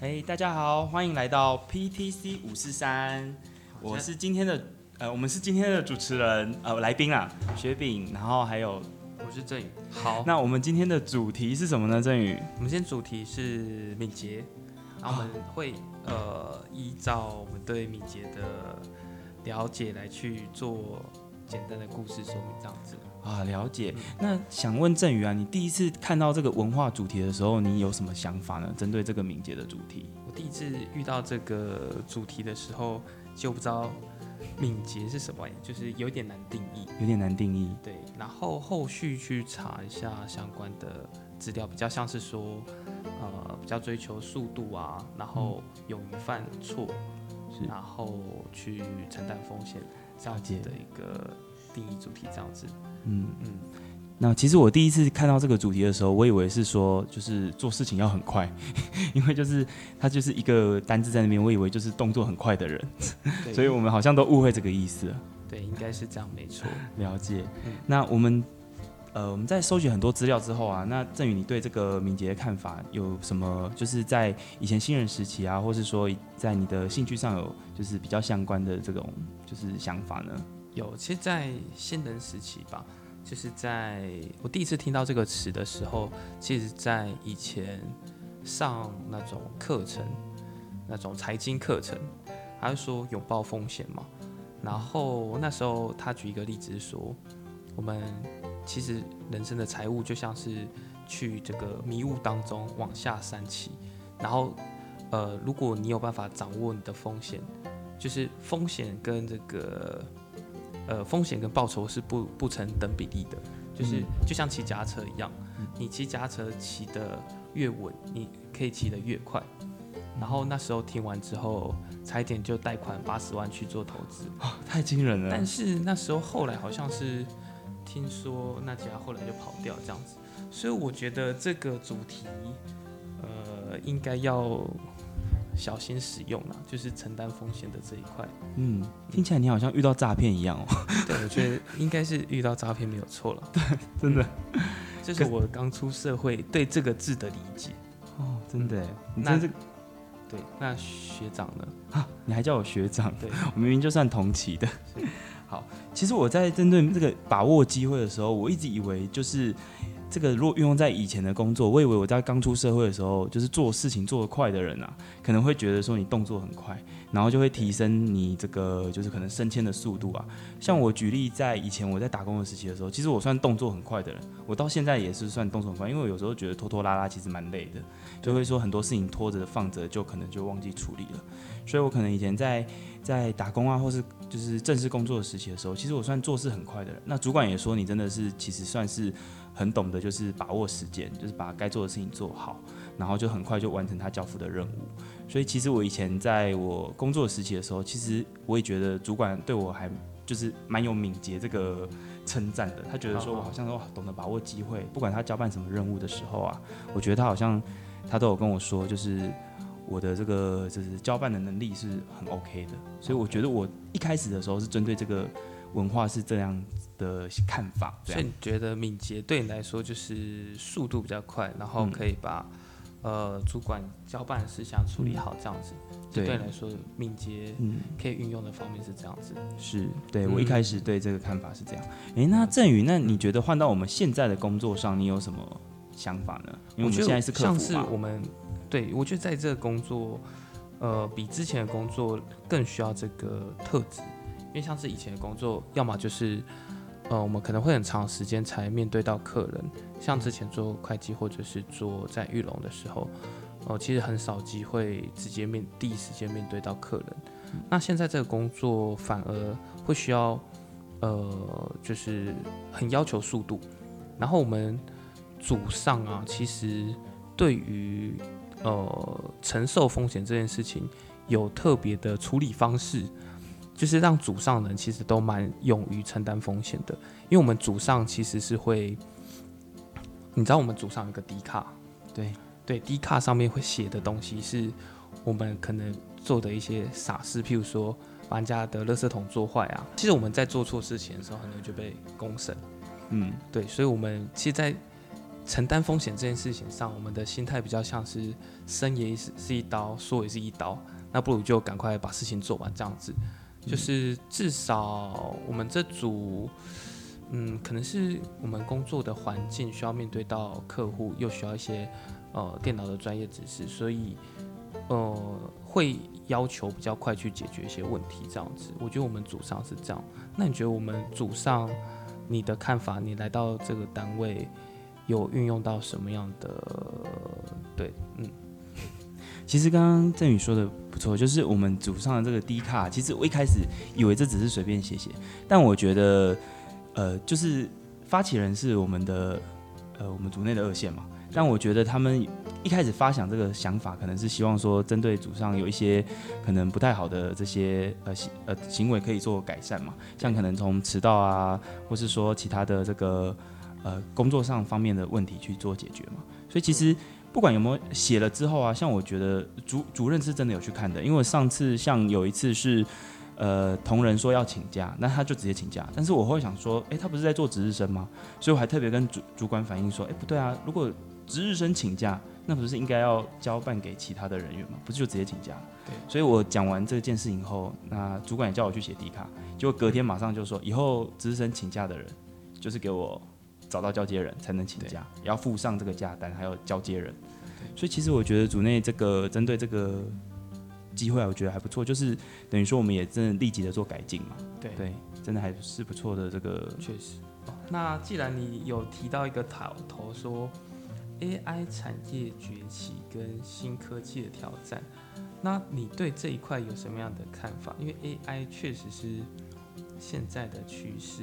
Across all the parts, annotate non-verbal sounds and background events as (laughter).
哎、hey，大家好，歡迎來到 PTC 五四三。我是今天的呃，我們是今天的主持人呃，來賓啊，學炳，然後還有我是鎮宇。好，那我們今天的主題是什麼呢？鎮宇，我們今天主題是敏捷，然後我們會、哦、呃依照我們對敏捷的了解來去做。簡單的故事說明這樣子啊，了解。嗯、那想問鎮宇啊，你第一次看到這個文化主題的時候，你有什麼想法呢？針對這個敏捷的主題，我第一次遇到這個主題的時候，就不知道敏捷是什麼玩意，就是有點難定義，有點難定義。對，然後後續去查一下相關的資料，比較像是說，呃，比較追求速度啊，然後勇於犯錯、嗯，然後去承擔風險。了解的一個定義主題這樣子，嗯嗯，那其實我第一次看到這個主題的時候，我以為是說就是做事情要很快，因為就是它就是一個單字在那邊，我以為就是動作很快的人，所以我們好像都誤會這個意思了。對，應該是這樣沒錯。了解，嗯，那我們。呃，我們在收集很多資料之後啊，那鎮宇，你對這個敏捷的看法有什麼？就是在以前新人時期啊，或是說在你的興趣上有就是比較相關的這種就是想法呢？有，其實，在新人時期吧，就是在我第一次聽到這個詞的時候，其實在以前上那種課程，那種財經課程，他就說擁抱風險嘛，然後那時候他舉一個例子說，我們。其實人生的財務就像是去這個迷霧當中往下山騎，然後呃，如果你有辦法掌握你的風險，就是風險跟這個呃風險跟報酬是不不成等比例的，就是、嗯、就像騎家車一樣，嗯、你騎家車騎得越穩，你可以騎得越快。嗯、然後那時候聽完之後，差一點，就貸款八十萬去做投資。哇、哦，太驚人了。但是那時候後來好像是。聽說那家後來就跑掉這樣子，所以我覺得這個主題，呃，應該要小心使用了，就是承擔風險的這一塊。嗯，聽起來你好像遇到詐騙一樣哦、喔。對，我覺得應該是遇到詐騙沒有錯了。 (laughs) 對，真的，這、嗯就是我剛出社會對這個字的理解。哦，真的，真的是，那對，那學長呢？哈，你還叫我學長？對，我明明就算同期的。其實我在針對這個把握機會的時候，我一直以為就是。這個如果運用在以前的工作，我以為我在剛出社會的時候，就是做事情做得快的人啊，可能會覺得說你動作很快，然後就會提升你這個就是可能升遷的速度啊。像我舉例，在以前我在打工的時期的時候，其實我算動作很快的人，我到現在也是算動作很快，因為我有時候覺得拖拖拉拉其實蠻累的，就會說很多事情拖着放着就可能就忘記處理了。所以我可能以前在在打工啊，或是就是正式工作的時期的時候，其實我算做事很快的人。那主管也說你真的是其實算是。很懂得就是把握時間，就是把該做的事情做好，然後就很快就完成他交付的任務。所以其實我以前在我工作時期的時候，其實我也覺得主管對我還就是蠻有敏捷這個稱讚的。他覺得說我好像都好懂得把握機會，不管他交辦什麼任務的時候啊，我覺得他好像他都有跟我說，就是我的這個就是交辦的能力是很 OK 的。所以我覺得我一開始的時候是針對這個。文化是這樣子的看法，所以你覺得敏捷對你來說就是速度比較快，然後可以把、嗯、呃主管交辦事項處理好這樣子。嗯、對，來說敏捷、嗯、可以運用的方面是這樣子。是，對我一開始對這個看法是這樣。哎，那鎮宇，那你覺得換到我們現在的工作上，你有什麼想法呢？因為我們現在是客服嘛。我覺得像是我們，對，我覺得在這個工作，呃，比之前的工作更需要這個特質。因為像是以前的工作，要麼就是，呃，我們可能會很長時間才面對到客人，像之前做會計或者是做在玉龍的時候，呃，其實很少機會直接面第一時間面對到客人，嗯。那現在這個工作反而會需要，呃，就是很要求速度。然後我們組上啊，啊其實對於呃承受風險這件事情，有特別的處理方式。就是讓組上人其實都蠻勇於承擔風險的，因為我們組上其實是會，你知道我們組上有個 D 卡，對對，D 卡上面會寫的東西是我們可能做的一些傻事，譬如說把人家的垃圾桶做壞啊，其實我們在做錯事情的時候，可能就被公審，嗯，對，所以我們其實，在承擔風險這件事情上，我們的心態比較像是生也是一刀，說也是一刀，那不如就趕快把事情做完這樣子。就是至少我們這組，嗯，可能是我們工作的環境需要面對到客戶，又需要一些呃電腦的專業知識，所以呃會要求比較快去解決一些問題。這樣子，我覺得我們組上是這樣。那你覺得我們組上你的看法？你來到這個單位有運用到什麼樣的？對，嗯，其實剛剛鎮宇說的。不錯，就是我們組上的這個 D 卡。其實我一開始以為這只是隨便寫寫，但我覺得，呃，就是發起人是我們的，呃，我們組內的二線嘛。但我覺得他們一開始發想這個想法，可能是希望說，針對組上有一些可能不太好的這些呃行呃行為，可以做改善嘛，像可能從遲到啊，或是說其他的這個呃工作上方面的問題去做解決嘛。所以其實。不管有沒有寫了之後啊，像我覺得主主任是真的有去看的，因為我上次像有一次是，呃，同仁說要請假，那他就直接請假。但是我會想說，欸，他不是在做值日生嗎？所以我還特別跟主主管反映說，欸，不對啊，如果值日生請假，那不是應該要交辦給其他的人員嗎？不是就直接請假。對。所以我講完這件事情以後，那主管也叫我去寫底卡，結果隔天馬上就說，以後值日生請假的人，就是給我。找到交接人才能請假，也要附上這個假單，還有交接人。所以其實我覺得組內這個針對這個機會，我覺得還不錯。就是等於說，我們也真的立即的做改進嘛。對對，真的還是不錯的。這個確實，哦。那既然你有提到一個抬頭說 AI 產業崛起跟新科技的挑戰，那你對這一塊有什麼樣的看法？因為 AI 確實是現在的趨勢。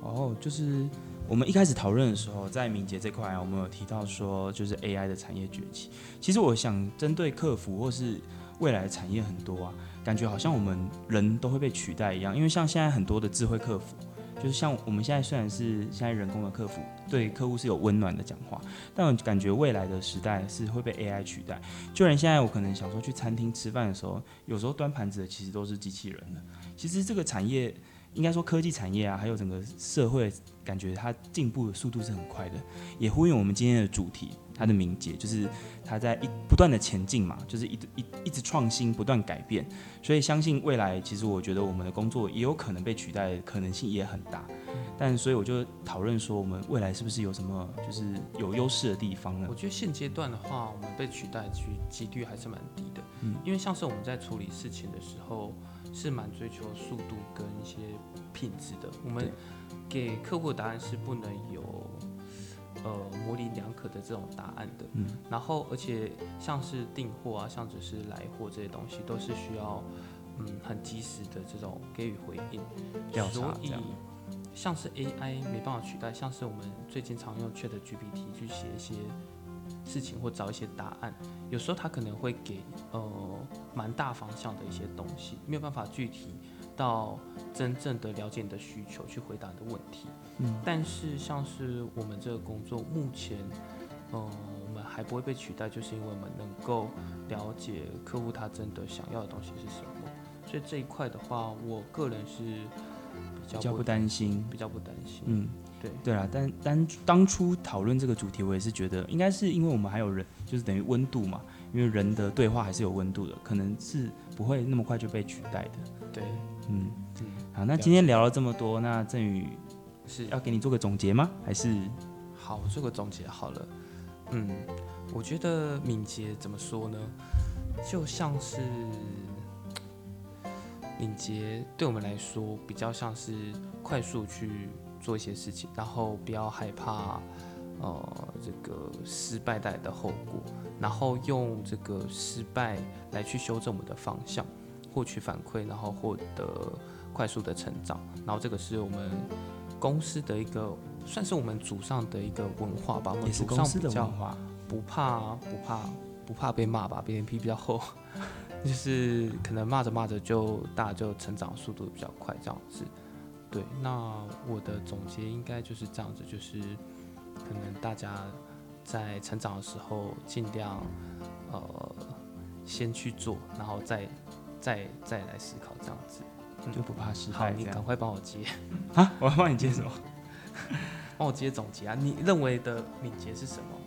哦，就是。我們一開始討論的時候，在敏捷這塊啊，我們有提到說，就是 AI 的產業崛起。其實我想針對客服或是未來的產業很多啊，感覺好像我們人都會被取代一樣。因為像現在很多的智慧客服，就是像我們現在雖然是現在人工的客服，對客戶是有溫暖的講話，但我感覺未來的時代是會被 AI 取代。就連現在我可能想說去餐廳吃飯的時候，有時候端盤子的其實都是機器人的。其實這個產業。應該說，科技產業啊，還有整個社會，感覺它進步的速度是很快的，也呼應我們今天的主題，它的名節就是它在一不斷的前進嘛，就是一一一直創新，不斷改變。所以，相信未來，其實我覺得我們的工作也有可能被取代，可能性也很大，嗯。但所以我就討論說，我們未來是不是有什麼就是有優勢的地方呢？我覺得現階段的話，我們被取代其實幾率還是蠻低的，嗯，因為像是我們在處理事情的時候。是蠻追求速度跟一些品質的。我們給客戶的答案是不能有，呃，模稜兩可的這種答案的。嗯。然後，而且像是訂貨啊，像只是來貨這些東西，都是需要嗯很及時的這種給予回應。調查這樣。所以，像是 AI 沒辦法取代，像是我們最近常用 ChatGPT 去寫一些。事情或找一些答案，有時候他可能會給呃蠻大方向的一些東西，沒有辦法具體到真正的了解你的需求去回答你的問題。嗯，但是像是我們這個工作目前，呃，我們還不會被取代，就是因為我們能夠了解客戶他真的想要的東西是什麼。所以這一塊的話，我個人是比較不擔心，比較不擔心。嗯。對對啊，但但當初討論這個主題，我也是覺得應該是因為我們還有人，就是等於溫度嘛，因為人的對話還是有溫度的，可能是不會那麼快就被取代的。對，嗯，嗯好,嗯好，那今天聊了這麼多，那鎮宇是要給你做個總結嗎？還是好做個總結好了。嗯，我覺得敏捷怎麼說呢？就像是敏捷對我們來說，比較像是快速去。做一些事情，然後不要害怕，呃，這個失敗帶來的後果，然後用這個失敗來去修正我們的方向，獲取反饋，然後獲得快速的成長。然後這個是我們公司的一個，算是我們祖上的一個文化吧。也是公司的文化。不怕不怕不怕，不怕被罵吧，臉皮比較厚，就是可能罵着罵着就大家就成長速度比較快，這樣子。對，那我的總結應該就是這樣子，就是可能大家在成長的時候，儘量呃先去做，然後再再再來思考這樣子，就不怕失敗。好，你趕快幫我接啊！我要幫你接什麼？ (laughs) 幫我接總結啊！你認為的敏捷是什麼？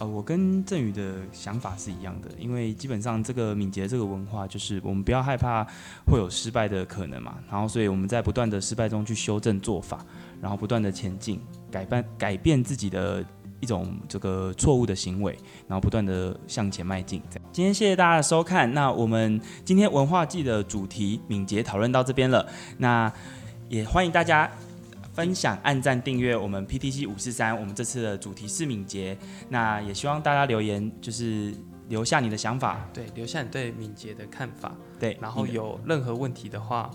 呃、哦，我跟鎮宇的想法是一樣的，因為基本上這個敏捷這個文化就是我們不要害怕會有失敗的可能嘛，然後所以我們在不斷的失敗中去修正做法，然後不斷的前進，改變改變自己的一種這個錯誤的行為，然後不斷的向前邁進。這樣今天謝謝大家的收看，那我們今天文化祭的主題敏捷討論到這邊了，那也歡迎大家。分享、按讚、訂閱我們 PTC 五四三。我們這次的主題是敏捷，那也希望大家留言，就是留下你的想法，對，留下你對敏捷的看法，對。然後有任何問題的話，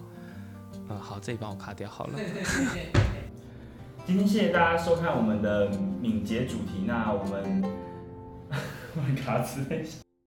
的呃，好，這裡幫我卡掉好了。今天謝謝大家收看我們的敏捷主題，那我們，我卡死。